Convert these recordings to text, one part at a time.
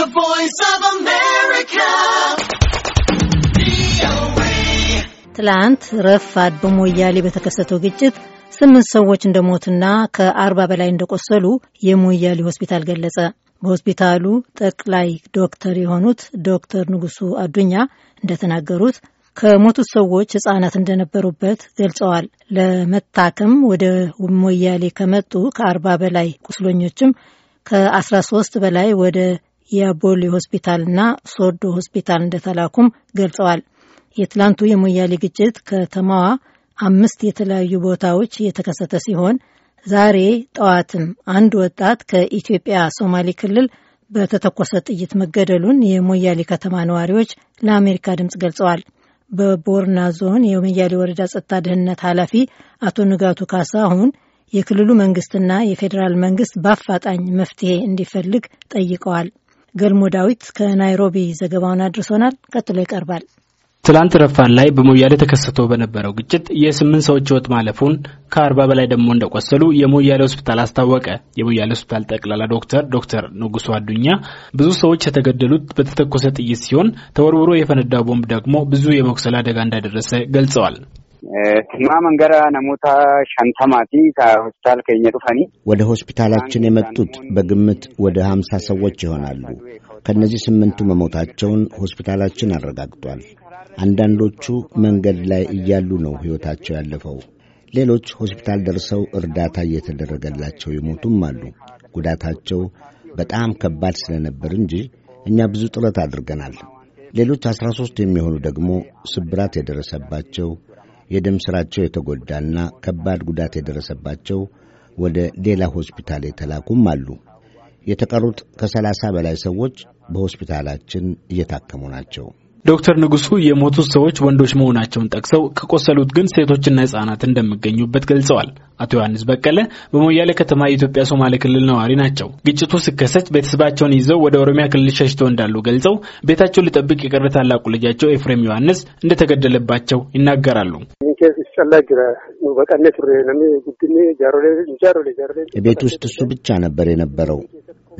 The Voice of America. ትላንት ረፋድ በሞያሌ በተከሰተው ግጭት ስምንት ሰዎች እንደሞቱና ከአርባ በላይ እንደቆሰሉ የሞያሌ ሆስፒታል ገለጸ። በሆስፒታሉ ጠቅላይ ዶክተር የሆኑት ዶክተር ንጉሱ አዱኛ እንደተናገሩት ከሞቱት ሰዎች ህጻናት እንደነበሩበት ገልጸዋል። ለመታከም ወደ ሞያሌ ከመጡ ከአርባ በላይ ቁስለኞችም ከአስራ ሶስት በላይ ወደ የቦሌ ሆስፒታልና ሶዶ ሆስፒታል እንደተላኩም ገልጸዋል። የትላንቱ የሞያሌ ግጭት ከተማዋ አምስት የተለያዩ ቦታዎች የተከሰተ ሲሆን ዛሬ ጠዋትም አንድ ወጣት ከኢትዮጵያ ሶማሌ ክልል በተተኮሰ ጥይት መገደሉን የሞያሌ ከተማ ነዋሪዎች ለአሜሪካ ድምፅ ገልጸዋል። በቦርና ዞን የሞያሌ ወረዳ ጸጥታ ደህንነት ኃላፊ አቶ ንጋቱ ካሳ አሁን የክልሉ መንግስትና የፌዴራል መንግስት በአፋጣኝ መፍትሄ እንዲፈልግ ጠይቀዋል። ገልሞ ዳዊት ከናይሮቢ ዘገባውን አድርሶናል። ቀጥሎ ይቀርባል። ትላንት ረፋን ላይ በሞያሌ ተከስቶ በነበረው ግጭት የስምንት ሰዎች ህይወት ማለፉን ከአርባ በላይ ደግሞ እንደቆሰሉ የሞያሌ ሆስፒታል አስታወቀ። የሞያሌ ሆስፒታል ጠቅላላ ዶክተር ዶክተር ንጉሱ አዱኛ ብዙ ሰዎች የተገደሉት በተተኮሰ ጥይት ሲሆን ተወርውሮ የፈነዳው ቦምብ ደግሞ ብዙ የመቁሰል አደጋ እንዳደረሰ ገልጸዋል። ስማም መንገራ ነሞታ ሸንተማቲ ከሆስፒታል ከኛ ጡፈኒ ወደ ሆስፒታላችን የመጡት በግምት ወደ ሀምሳ ሰዎች ይሆናሉ። ከእነዚህ ስምንቱ መሞታቸውን ሆስፒታላችን አረጋግጧል። አንዳንዶቹ መንገድ ላይ እያሉ ነው ሕይወታቸው ያለፈው። ሌሎች ሆስፒታል ደርሰው እርዳታ እየተደረገላቸው የሞቱም አሉ። ጉዳታቸው በጣም ከባድ ስለነበር እንጂ እኛ ብዙ ጥረት አድርገናል። ሌሎች አስራ ሦስት የሚሆኑ ደግሞ ስብራት የደረሰባቸው የደም ሥራቸው የተጎዳና ከባድ ጉዳት የደረሰባቸው ወደ ሌላ ሆስፒታል የተላኩም አሉ። የተቀሩት ከሰላሳ በላይ ሰዎች በሆስፒታላችን እየታከሙ ናቸው። ዶክተር ንጉሱ የሞቱት ሰዎች ወንዶች መሆናቸውን ጠቅሰው ከቆሰሉት ግን ሴቶችና ህጻናት እንደሚገኙበት ገልጸዋል። አቶ ዮሐንስ በቀለ በሞያሌ ከተማ የኢትዮጵያ ሶማሌ ክልል ነዋሪ ናቸው። ግጭቱ ሲከሰት ቤተሰባቸውን ይዘው ወደ ኦሮሚያ ክልል ሸሽተው እንዳሉ ገልጸው ቤታቸውን ሊጠብቅ የቀረ ታላቁ ልጃቸው ኤፍሬም ዮሐንስ እንደተገደለባቸው ይናገራሉ። ቤት ውስጥ እሱ ብቻ ነበር የነበረው።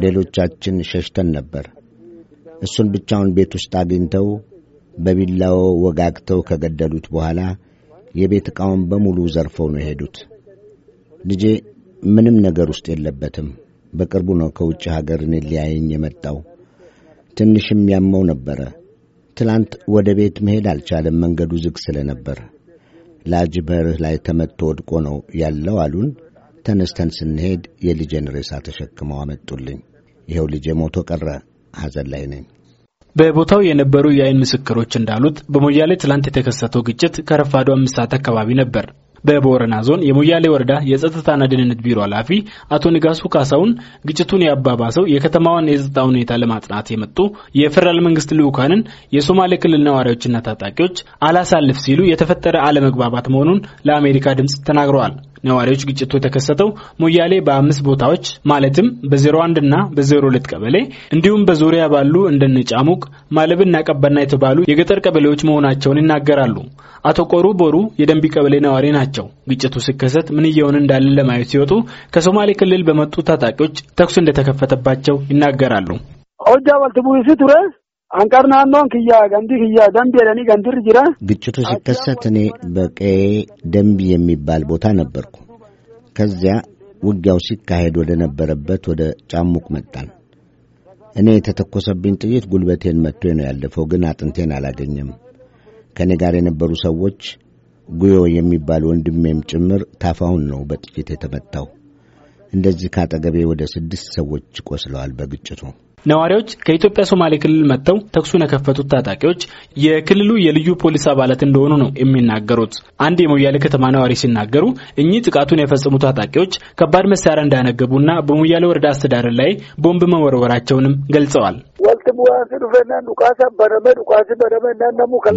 ሌሎቻችን ሸሽተን ነበር። እሱን ብቻውን ቤት ውስጥ አግኝተው በቢላው ወጋግተው ከገደሉት በኋላ የቤት ዕቃውን በሙሉ ዘርፈው ነው የሄዱት። ልጄ ምንም ነገር ውስጥ የለበትም። በቅርቡ ነው ከውጭ ሀገር እኔ ሊያየኝ የመጣው። ትንሽም ያመው ነበረ። ትላንት ወደ ቤት መሄድ አልቻለም፣ መንገዱ ዝግ ስለነበር። ላጅ በርህ ላይ ተመትቶ ወድቆ ነው ያለው አሉን። ተነስተን ስንሄድ የልጄን ሬሳ ተሸክመው አመጡልኝ። ይኸው ልጄ ሞቶ ቀረ። ሐዘን ላይ ነኝ። በቦታው የነበሩ የአይን ምስክሮች እንዳሉት በሞያሌ ትላንት የተከሰተው ግጭት ከረፋዱ አምስት ሰዓት አካባቢ ነበር። በቦረና ዞን የሞያሌ ወረዳ የጸጥታና ደህንነት ቢሮ ኃላፊ አቶ ንጋሱ ካሳውን ግጭቱን ያባባሰው የከተማዋን የጸጥታ ሁኔታ ለማጥናት የመጡ የፌዴራል መንግስት ልዑካንን የሶማሌ ክልል ነዋሪዎችና ታጣቂዎች አላሳልፍ ሲሉ የተፈጠረ አለመግባባት መሆኑን ለአሜሪካ ድምፅ ተናግረዋል። ነዋሪዎች ግጭቱ የተከሰተው ሞያሌ በአምስት ቦታዎች ማለትም በ01 እና በ02 ቀበሌ እንዲሁም በዙሪያ ባሉ እንደነ ጫሙቅ፣ ማለብና ቀበና የተባሉ የገጠር ቀበሌዎች መሆናቸውን ይናገራሉ። አቶ ቆሩ ቦሩ የደንቢ ቀበሌ ነዋሪ ናቸው። ግጭቱ ሲከሰት ምን እየሆነ እንዳለ ለማየት ሲወጡ ከሶማሌ ክልል በመጡ ታጣቂዎች ተኩስ እንደተከፈተባቸው ይናገራሉ። ኦጃ ባልትቡ ቱሬስ አንቀር ናኖን ክያ ገንዲ ክያ ደንብ የለኒ ገንድር ጅራ ግጭቱ ሲከሰት እኔ በቀዬ ደንቢ የሚባል ቦታ ነበርኩ። ከዚያ ውጊያው ሲካሄድ ወደ ነበረበት ወደ ጫሙቅ መጣን። እኔ የተተኮሰብኝ ጥይት ጉልበቴን መጥቶ ነው ያለፈው፣ ግን አጥንቴን አላገኘም። ከእኔ ጋር የነበሩ ሰዎች ጉዮ የሚባል ወንድሜም ጭምር ታፋውን ነው በጥይት የተመታው። እንደዚህ ከአጠገቤ ወደ ስድስት ሰዎች ቆስለዋል በግጭቱ። ነዋሪዎች ከኢትዮጵያ ሶማሌ ክልል መጥተው ተኩሱን የከፈቱት ታጣቂዎች የክልሉ የልዩ ፖሊስ አባላት እንደሆኑ ነው የሚናገሩት። አንድ የሞያሌ ከተማ ነዋሪ ሲናገሩ እኚህ ጥቃቱን የፈጸሙት ታጣቂዎች ከባድ መሳሪያ እንዳነገቡና በሞያሌ ወረዳ አስተዳደር ላይ ቦምብ መወርወራቸውንም ገልጸዋል።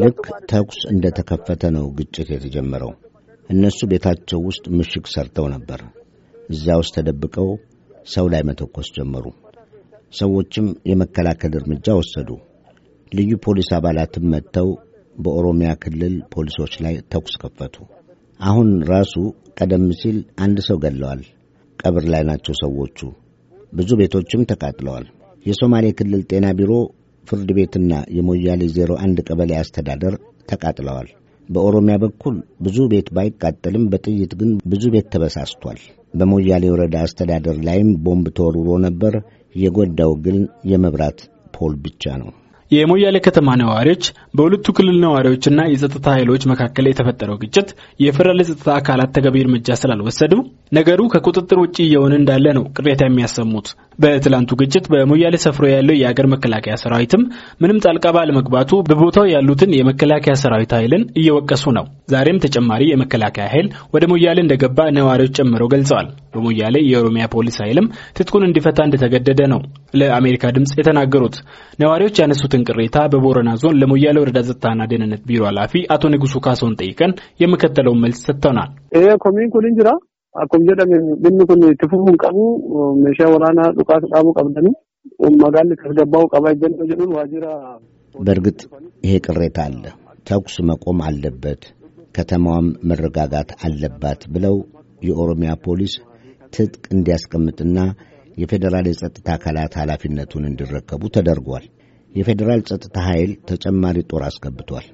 ልክ ተኩስ እንደተከፈተ ነው ግጭት የተጀመረው። እነሱ ቤታቸው ውስጥ ምሽግ ሰርተው ነበር። እዚያ ውስጥ ተደብቀው ሰው ላይ መተኮስ ጀመሩ። ሰዎችም የመከላከል እርምጃ ወሰዱ። ልዩ ፖሊስ አባላትም መጥተው በኦሮሚያ ክልል ፖሊሶች ላይ ተኩስ ከፈቱ። አሁን ራሱ ቀደም ሲል አንድ ሰው ገለዋል። ቀብር ላይ ናቸው ሰዎቹ። ብዙ ቤቶችም ተቃጥለዋል። የሶማሌ ክልል ጤና ቢሮ፣ ፍርድ ቤትና የሞያሌ ዜሮ አንድ ቀበሌ አስተዳደር ተቃጥለዋል። በኦሮሚያ በኩል ብዙ ቤት ባይቃጠልም በጥይት ግን ብዙ ቤት ተበሳስቷል። በሞያሌ ወረዳ አስተዳደር ላይም ቦምብ ተወርውሮ ነበር። የጎዳው ግን የመብራት ፖል ብቻ ነው። የሞያሌ ከተማ ነዋሪዎች በሁለቱ ክልል ነዋሪዎችና የጸጥታ ኃይሎች መካከል የተፈጠረው ግጭት የፌደራል የጸጥታ አካላት ተገቢ እርምጃ ስላልወሰዱ ነገሩ ከቁጥጥር ውጭ እየሆነ እንዳለ ነው ቅሬታ የሚያሰሙት። በትላንቱ ግጭት በሞያሌ ሰፍሮ ያለው የአገር መከላከያ ሰራዊትም ምንም ጣልቃ ባለመግባቱ በቦታው ያሉትን የመከላከያ ሰራዊት ኃይልን እየወቀሱ ነው። ዛሬም ተጨማሪ የመከላከያ ኃይል ወደ ሞያሌ እንደገባ ነዋሪዎች ጨምረው ገልጸዋል። በሞያሌ የኦሮሚያ ፖሊስ ኃይልም ትጥቁን እንዲፈታ እንደተገደደ ነው ለአሜሪካ ድምፅ የተናገሩት። ነዋሪዎች ያነሱትን ቅሬታ በቦረና ዞን ለሞያሌ ወረዳ ጸጥታና ደህንነት ቢሮ ኃላፊ አቶ ንጉሱ ካሶን ጠይቀን የሚከተለውን መልስ ሰጥተናል። ኮሚን ኩን እንጅራ akkuma jedhame dhimmi kun itti fufuun qabu meeshaa waraanaa dhukaasa dhaabuu qabdanii magaalli kasgabbaa'uu qaba ejjennoo jedhuun waajjira በእርግጥ ይሄ ቅሬታ አለ። ተኩስ መቆም አለበት፣ ከተማዋም መረጋጋት አለባት ብለው የኦሮሚያ ፖሊስ ትጥቅ እንዲያስቀምጥና የፌዴራል የጸጥታ አካላት ኃላፊነቱን እንዲረከቡ ተደርጓል። የፌዴራል ጸጥታ ኃይል ተጨማሪ ጦር አስገብቷል።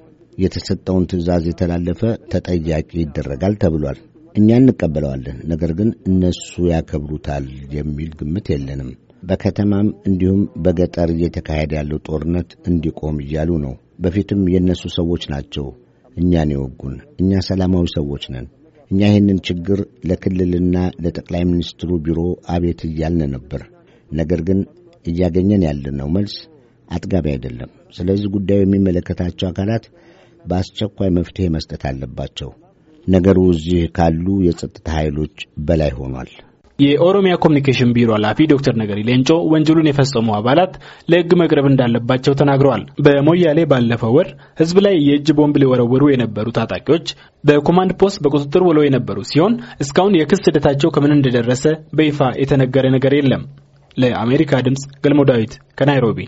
የተሰጠውን ትዕዛዝ የተላለፈ ተጠያቂ ይደረጋል ተብሏል። እኛ እንቀበለዋለን፣ ነገር ግን እነሱ ያከብሩታል የሚል ግምት የለንም። በከተማም እንዲሁም በገጠር እየተካሄደ ያለው ጦርነት እንዲቆም እያሉ ነው። በፊትም የእነሱ ሰዎች ናቸው እኛን የወጉን። እኛ ሰላማዊ ሰዎች ነን። እኛ ይህንን ችግር ለክልልና ለጠቅላይ ሚኒስትሩ ቢሮ አቤት እያልን ነበር። ነገር ግን እያገኘን ያለነው መልስ አጥጋቢ አይደለም። ስለዚህ ጉዳዩ የሚመለከታቸው አካላት በአስቸኳይ መፍትሄ መስጠት አለባቸው። ነገሩ እዚህ ካሉ የጸጥታ ኃይሎች በላይ ሆኗል። የኦሮሚያ ኮሚኒኬሽን ቢሮ ኃላፊ ዶክተር ነገሪ ሌንጮ ወንጀሉን የፈጸሙ አባላት ለሕግ መቅረብ እንዳለባቸው ተናግረዋል። በሞያሌ ባለፈው ወር ሕዝብ ላይ የእጅ ቦምብ ሊወረውሩ የነበሩ ታጣቂዎች በኮማንድ ፖስት በቁጥጥር ውለው የነበሩ ሲሆን እስካሁን የክስ ሂደታቸው ከምን እንደደረሰ በይፋ የተነገረ ነገር የለም። ለአሜሪካ ድምፅ ገልሞ ዳዊት ከናይሮቢ